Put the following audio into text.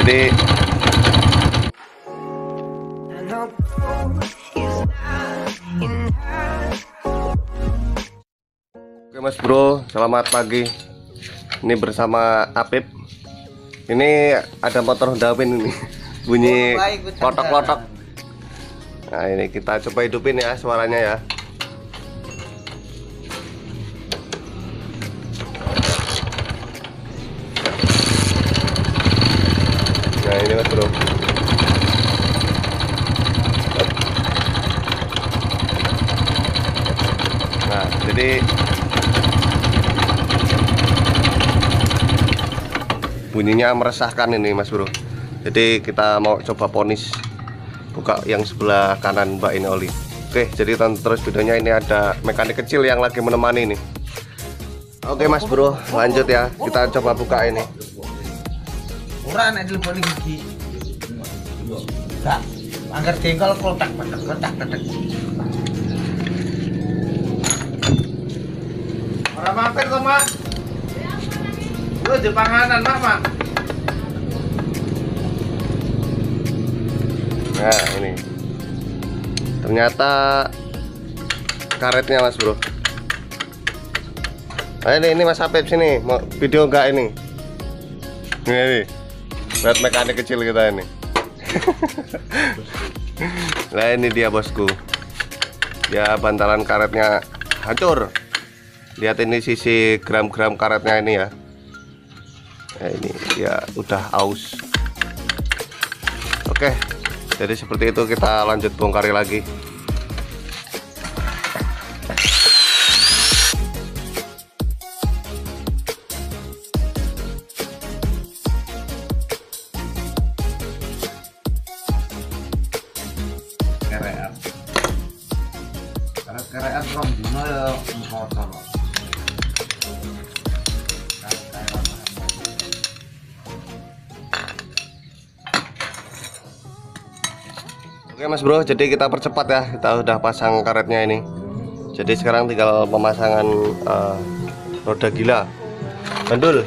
jadi Oke Mas Bro, selamat pagi. Ini bersama Apip. Ini ada motor Honda Win ini. Bunyi oh, kotok-kotok. Nah, ini kita coba hidupin ya suaranya ya. jadi bunyinya meresahkan ini mas bro jadi kita mau coba ponis buka yang sebelah kanan mbak ini oli oke jadi tonton terus videonya ini ada mekanik kecil yang lagi menemani ini. oke mas bro lanjut ya kita coba buka ini orang ada telepon gigi agar tinggal kotak kotak kotak kotak Gak mampir mak Lu di panganan mak mak Nah ini Ternyata Karetnya mas bro Nah ini, ini mas Apep sini Mau video enggak ini Ini, ini. Buat mekanik kecil kita ini Nah ini dia bosku Ya bantalan karetnya hancur lihat ini sisi gram-gram karetnya ini ya nah ini ya udah aus oke jadi seperti itu kita lanjut bongkari lagi kerean kerean rombino dino ya motor Oke mas bro jadi kita percepat ya kita udah pasang karetnya ini jadi sekarang tinggal pemasangan uh, roda gila bandul